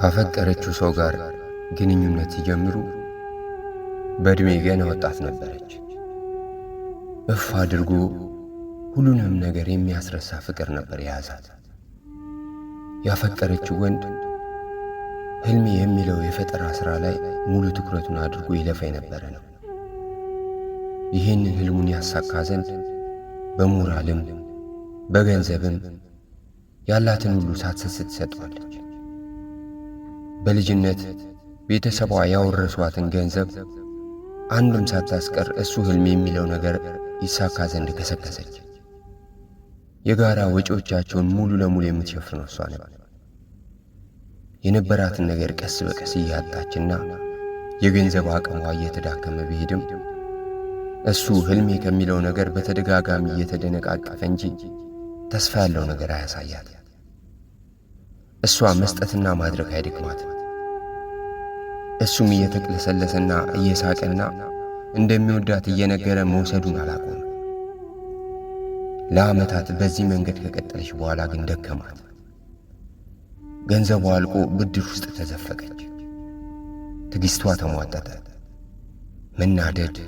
ካፈቀረችው ሰው ጋር ግንኙነት ሲጀምሩ በዕድሜ ገና ወጣት ነበረች። እፍ አድርጎ ሁሉንም ነገር የሚያስረሳ ፍቅር ነበር የያዛት። ያፈቀረችው ወንድ ህልሜ የሚለው የፈጠራ ሥራ ላይ ሙሉ ትኩረቱን አድርጎ ይለፋ የነበረ ነው። ይህንን ህልሙን ያሳካ ዘንድ በሞራልም በገንዘብም ያላትን ሁሉ ሳትሰስት ትሰጠዋለች። በልጅነት ቤተሰቧ ያወረሷትን ገንዘብ አንዱን ሳታስቀር እሱ ሕልም የሚለው ነገር ይሳካ ዘንድ ከሰከሰች። የጋራ ወጪዎቻቸውን ሙሉ ለሙሉ የምትሸፍነው እሷ ነበር። የነበራትን ነገር ቀስ በቀስ እያጣችና የገንዘብ አቅሟ እየተዳከመ ቢሄድም እሱ ሕልሜ ከሚለው ነገር በተደጋጋሚ እየተደነቃቀፈ እንጂ ተስፋ ያለው ነገር አያሳያት። እሷ መስጠትና ማድረግ አይደክማትም። እሱም እየተቅለሰለሰና እየሳቀና እንደሚወዳት እየነገረ መውሰዱን አላቆም። ለዓመታት በዚህ መንገድ ከቀጠለች በኋላ ግን ደከማት። ገንዘቧ አልቆ ብድር ውስጥ ተዘፈቀች። ትግስቷ ተሟጠጠ። መናደድ፣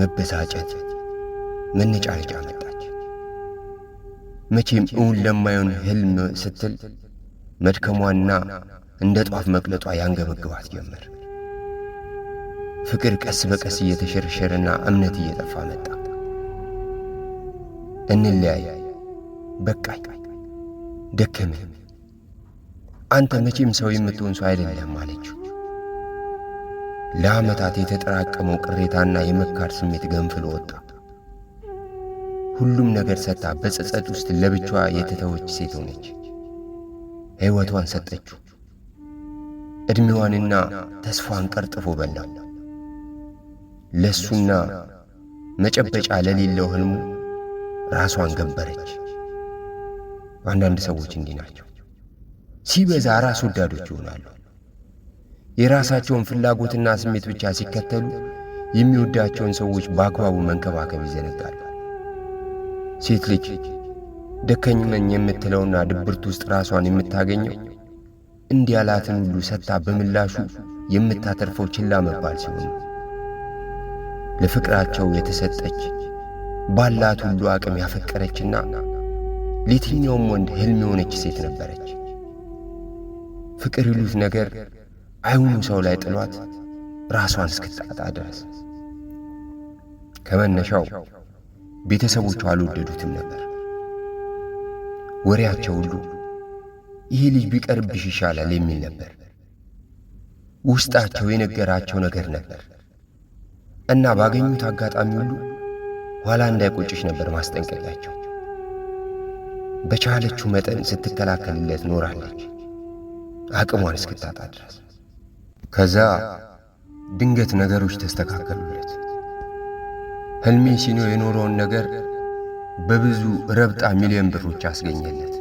መበሳጨት፣ መነጫነጫ መጣች። መቼም እውን ለማየውን ህልም ስትል መድከሟና እንደ ጧፍ መቅለጧ ያንገበግባት ጀመር። ፍቅር ቀስ በቀስ እየተሸረሸረና እምነት እየጠፋ መጣ። እንለያይ፣ በቃኝ፣ ደከመ። አንተ መቼም ሰው የምትሆን ሰው አይደለም አለችው። ለዓመታት የተጠራቀመው ቅሬታና የመካድ ስሜት ገንፍሎ ወጣ። ሁሉም ነገር ሰጥታ በጸጸት ውስጥ ለብቻዋ የተተወች ሴት ሆነች። ሕይወቷን ሰጠችው። ዕድሜዋንና ተስፋን ቀርጥፎ በላው። ለእሱና መጨበጫ ለሌለው ሕልሙ ራሷን ገበረች። አንዳንድ ሰዎች እንዲህ ናቸው። ሲበዛ ራስ ወዳዶች ይሆናሉ። የራሳቸውን ፍላጎትና ስሜት ብቻ ሲከተሉ የሚወዳቸውን ሰዎች በአግባቡ መንከባከብ ይዘነጋሉ። ሴት ልጅ ነኝ የምትለውና ድብርት ውስጥ ራሷን የምታገኘው እንዲያላትን ሁሉ ሰጥታ በምላሹ የምታተርፈው ችላ መባል ሲሆን ለፍቅራቸው የተሰጠች ባላት ሁሉ አቅም ያፈቀረችና ለየትኛውም ወንድ ሕልም የሆነች ሴት ነበረች። ፍቅር ይሉት ነገር አይሁኑ ሰው ላይ ጥሏት ራሷን እስክታጣ ድረስ ከመነሻው ቤተሰቦቿ አልወደዱትም ነበር። ወሬያቸው ሁሉ ይህ ልጅ ቢቀርብሽ ይሻላል የሚል ነበር። ውስጣቸው የነገራቸው ነገር ነበር እና ባገኙት አጋጣሚ ሁሉ ኋላ እንዳይቆጭሽ ነበር ማስጠንቀቂያቸው። በቻለችው መጠን ስትከላከልለት ኖራለች አቅሟን እስክታጣ ድረስ። ከዛ ድንገት ነገሮች ተስተካከሉለት። ህልሜ ሲኖ የኖረውን ነገር በብዙ ረብጣ ሚሊዮን ብሮች አስገኘለት።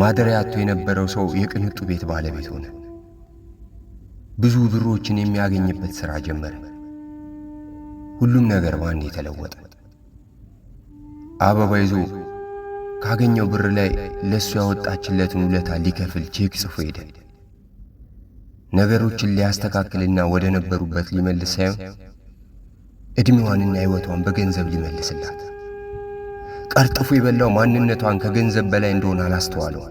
ማደሪያ አጥቶ የነበረው ሰው የቅንጡ ቤት ባለቤት ሆነ። ብዙ ብሮችን የሚያገኝበት ሥራ ጀመረ። ሁሉም ነገር ባንዴ የተለወጠ። አበባ ይዞ ካገኘው ብር ላይ ለእሱ ያወጣችለትን ውለታ ሊከፍል ቼክ ጽፎ ሄደ። ነገሮችን ሊያስተካክልና ወደ ነበሩበት ሊመልስ ሳይሆን ዕድሜዋንና ሕይወቷን በገንዘብ ሊመልስላት ቀርጥፎ የበላው ማንነቷን ከገንዘብ በላይ እንደሆነ አላስተዋለው።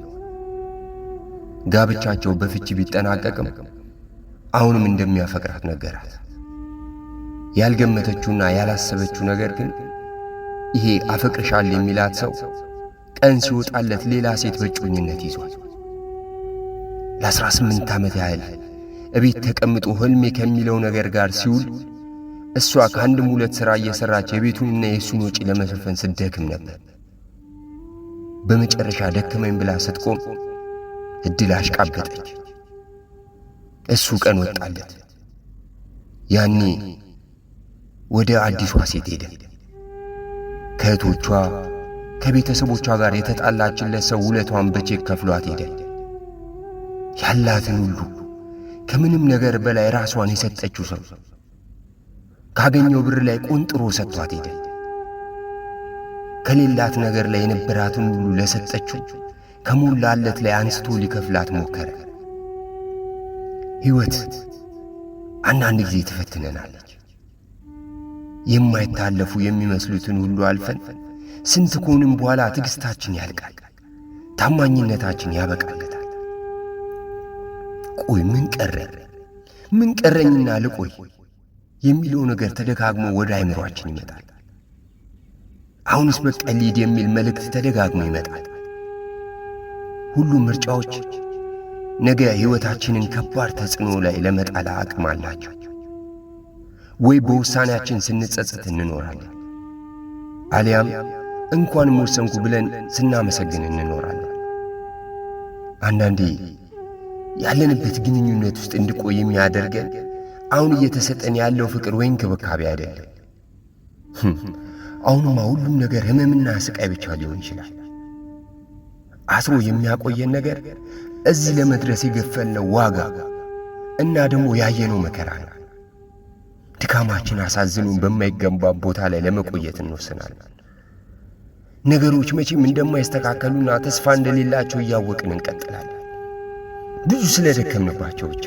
ጋብቻቸው በፍቺ ቢጠናቀቅም አሁንም እንደሚያፈቅራት ነገራት። ያልገመተችውና ያላሰበችው ነገር ግን ይሄ አፈቅርሻል የሚላት ሰው ቀን ሲወጣለት ሌላ ሴት በጮኝነት ይዟል። ለ18 ዓመት ያህል እቤት ተቀምጦ ህልሜ ከሚለው ነገር ጋር ሲውል እሷ ከአንድም ሁለት ሥራ እየሠራች የቤቱንና የእሱን ወጪ ለመሸፈን ስትደክም ነበር። በመጨረሻ ደከመኝ ብላ ስትቆም እድል አሽቃበጠች። እሱ ቀን ወጣለት። ያኔ ወደ አዲሷ ሴት ሄደ። ከእህቶቿ ከቤተሰቦቿ ጋር የተጣላችለት ሰው ውለቷን በቼክ ከፍሏት ሄደ። ያላትን ሁሉ ከምንም ነገር በላይ ራሷን የሰጠችው ሰው ካገኘው ብር ላይ ቆንጥሮ ሰጥቷት ሄደ። ከሌላት ነገር ላይ የነበራትን ሁሉ ለሰጠችው ከሞላለት ላይ አንስቶ ሊከፍላት ሞከረ። ሕይወት አንዳንድ ጊዜ ትፈትነናለች። የማይታለፉ የሚመስሉትን ሁሉ አልፈን ስንት ከሆንም በኋላ ትዕግሥታችን ያልቃል፣ ታማኝነታችን ያበቃለታል። ቆይ ምን ቀረ? ምን ቀረኝና ልቆይ የሚለው ነገር ተደጋግሞ ወደ አይምሯችን ይመጣል። አሁንስ በቃ ልሂድ የሚል መልእክት ተደጋግሞ ይመጣል። ሁሉም ምርጫዎች ነገ ሕይወታችንን ከባድ ተጽዕኖ ላይ ለመጣል አቅም አላቸው። ወይ በውሳኔያችን ስንጸጸት እንኖራለን፣ አሊያም እንኳንም ወሰንኩ ብለን ስናመሰግን እንኖራለን። አንዳንዴ ያለንበት ግንኙነት ውስጥ እንድቆይ የሚያደርገን አሁን እየተሰጠን ያለው ፍቅር ወይ እንክብካቤ አይደለም። አሁንማ ሁሉም ነገር ህመምና ስቃይ ብቻ ሊሆን ይችላል። አስሮ የሚያቆየን ነገር እዚህ ለመድረስ የገፈልነው ዋጋ እና ደግሞ ያየነው መከራ ነው። ድካማችን አሳዝኑን በማይገባን ቦታ ላይ ለመቆየት እንወስናለን። ነገሮች መቼም እንደማይስተካከሉና ተስፋ እንደሌላቸው እያወቅን እንቀጥላለን። ብዙ ስለ ደከምንባቸው ብቻ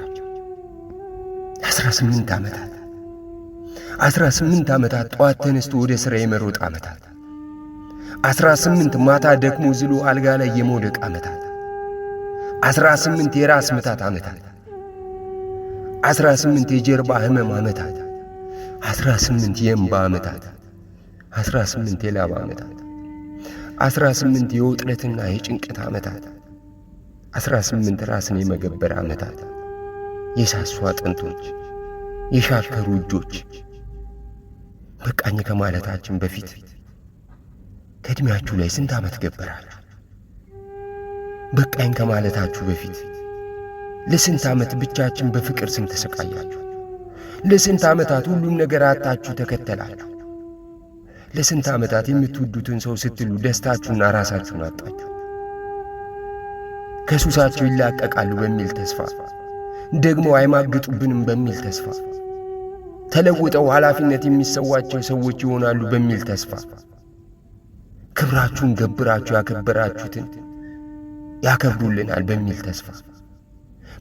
18 ዓመታት 18 ዓመታት ጠዋት ተነስቶ ወደ ሥራ የመሮጥ ዓመታት 18 ማታ ደክሞ ዝሎ አልጋ ላይ የመውደቅ ዓመታት 18 የራስ ምታት ዓመታት 18 የጀርባ ህመም ዓመታት 18 የእንባ ዓመታት 18 የላብ ዓመታት 18 የውጥረትና የጭንቀት ዓመታት 18 ራስን የመገበር ዓመታት የሳሱ አጥንቶች የሻከሩ እጆች በቃኝ ከማለታችን በፊት ከእድሜያችሁ ላይ ስንት ዓመት ገበራችሁ? በቃኝ ከማለታችሁ በፊት ለስንት ዓመት ብቻችን በፍቅር ስም ተሰቃያችሁ? ለስንት ዓመታት ሁሉም ነገር አጣችሁ ተከተላችሁ? ለስንት ዓመታት የምትወዱትን ሰው ስትሉ ደስታችሁና ራሳችሁን አጣችሁ። ከሱሳችሁ ይላቀቃሉ በሚል ተስፋ ደግሞ አይማግጡብንም በሚል ተስፋ ተለውጠው ኃላፊነት የሚሰዋቸው ሰዎች ይሆናሉ በሚል ተስፋ ክብራችሁን ገብራችሁ ያከበራችሁትን ያከብሩልናል በሚል ተስፋ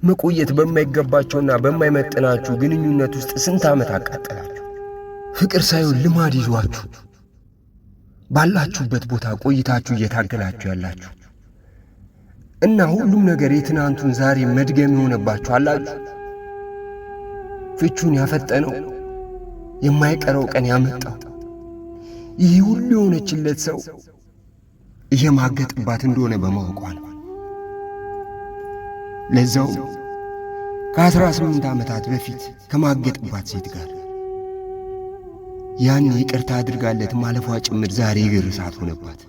መቆየት በማይገባቸውና በማይመጥናችሁ ግንኙነት ውስጥ ስንት ዓመት አቃጠላችሁ። ፍቅር ሳይሆን ልማድ ይዟችሁ ባላችሁበት ቦታ ቆይታችሁ እየታገላችሁ ያላችሁ እና ሁሉም ነገር የትናንቱን ዛሬ መድገም የሆነባችሁ አላችሁ። ፍቹን ያፈጠነው የማይቀረው ቀን ያመጣው ይህ ሁሉ የሆነችለት ሰው እየማገጥባት እንደሆነ በማወቋ ነው። ለዛው ከአስራ ስምንት ዓመታት በፊት ከማገጥባት ሴት ጋር ያን ይቅርታ አድርጋለት ማለፏ ጭምር ዛሬ ግርሳት ሆነባት።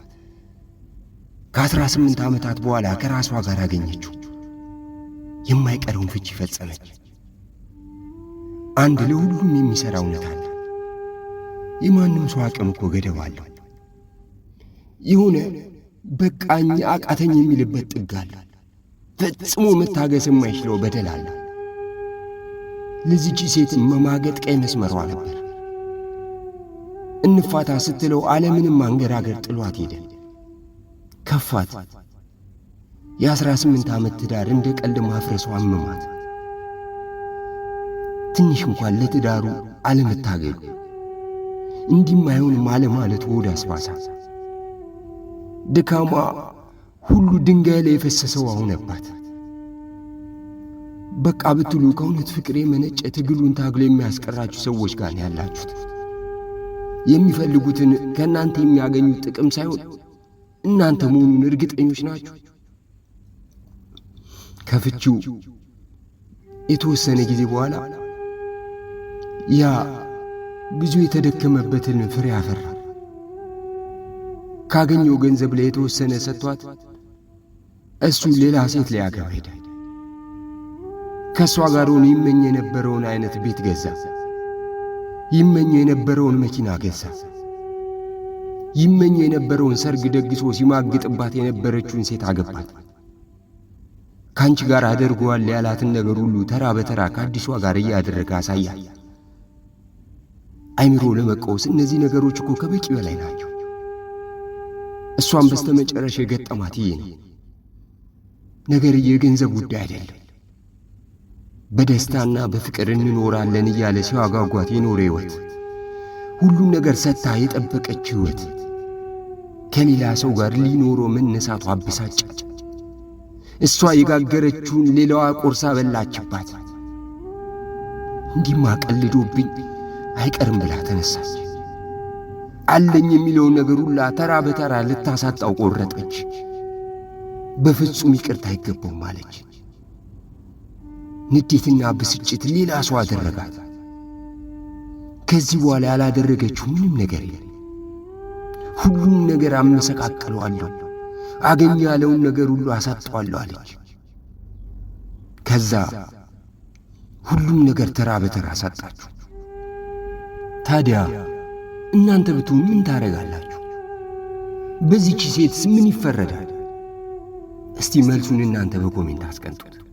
ከ18 ዓመታት በኋላ ከራሷ ጋር አገኘችው። የማይቀረውን ፍቺ ፈጸመች። አንድ ለሁሉም የሚሠራ እውነት አለ። የማንም ሰው አቅም እኮ ገደብ አለው። የሆነ በቃኝ አቃተኝ የሚልበት ጥግ አለ። ፈጽሞ መታገስ የማይችለው በደል አለ። ለዚች ሴት መማገጥ ቀይ መስመሯ ነበር። እንፋታ ስትለው ዓለምንም አንገራገር ጥሏት ሄደ። ከፋት። የአስራ ስምንት ዓመት ትዳር እንደ ቀልድ ማፍረሱ አመማት። ትንሽ እንኳን ለትዳሩ አለመታገሉ እንዲህም አይሆንም አለማለት ወደ አስባሳ። ድካሟ ሁሉ ድንጋይ ላይ የፈሰሰው አሁነባት። በቃ ብትሉ ከእውነት ፍቅር የመነጨ ትግሉን ታግሎ የሚያስቀራችሁ ሰዎች ጋር ያላችሁት የሚፈልጉትን ከእናንተ የሚያገኙት ጥቅም ሳይሆን እናንተ መሆኑን እርግጠኞች ናችሁ? ከፍቺው የተወሰነ ጊዜ በኋላ ያ ብዙ የተደከመበትን ፍሬ አፈራ። ካገኘው ገንዘብ ላይ የተወሰነ ሰጥቷት እሱ ሌላ ሴት ሊያገባ ሄደ። ከእሷ ጋር ሆኖ ይመኝ የነበረውን አይነት ቤት ገዛ። ይመኝ የነበረውን መኪና ገዛ። ይመኝ የነበረውን ሰርግ ደግሶ ሲማግጥባት የነበረችውን ሴት አገባት። ከአንቺ ጋር አደርገዋል ያላትን ነገር ሁሉ ተራ በተራ ከአዲሷ ጋር እያደረገ አሳያል። አይምሮ ለመቃወስ እነዚህ ነገሮች እኮ ከበቂ በላይ ናቸው። እሷም በስተመጨረሻ የገጠማት ይሄ ነው። ነገርዬ የገንዘብ ጉዳይ አይደለም። በደስታና በፍቅር እንኖራለን እያለ ሲዋጋጓት የኖረ ሕይወት ሁሉም ነገር ሰጥታ የጠበቀች ሕይወት ከሌላ ሰው ጋር ሊኖሮ መነሳቱ አበሳጫት። እሷ የጋገረችውን ሌላዋ ቆርሳ በላችባት። እንዲማ ቀልዶብኝ አይቀርም ብላ ተነሳች። አለኝ የሚለው ነገር ሁላ ተራ በተራ ልታሳጣው ቆረጠች። በፍጹም ይቅርታ አይገባውም አለች። ንዴትና ብስጭት ሌላ ሰው አደረጋት። ከዚህ በኋላ ያላደረገችው ምንም ነገር የለም። ሁሉን ነገር አመሰቃቅለዋለሁ፣ አገኝ ያለውን ነገር ሁሉ አሳጠዋለሁ አለች። ከዛ ሁሉም ነገር ተራ በተራ አሳጣችሁ። ታዲያ እናንተ ብትሆኑ ምን ታደርጋላችሁ? በዚህች ሴትስ ምን ይፈረዳል? እስቲ መልሱን እናንተ በኮሜንት አስቀምጡት።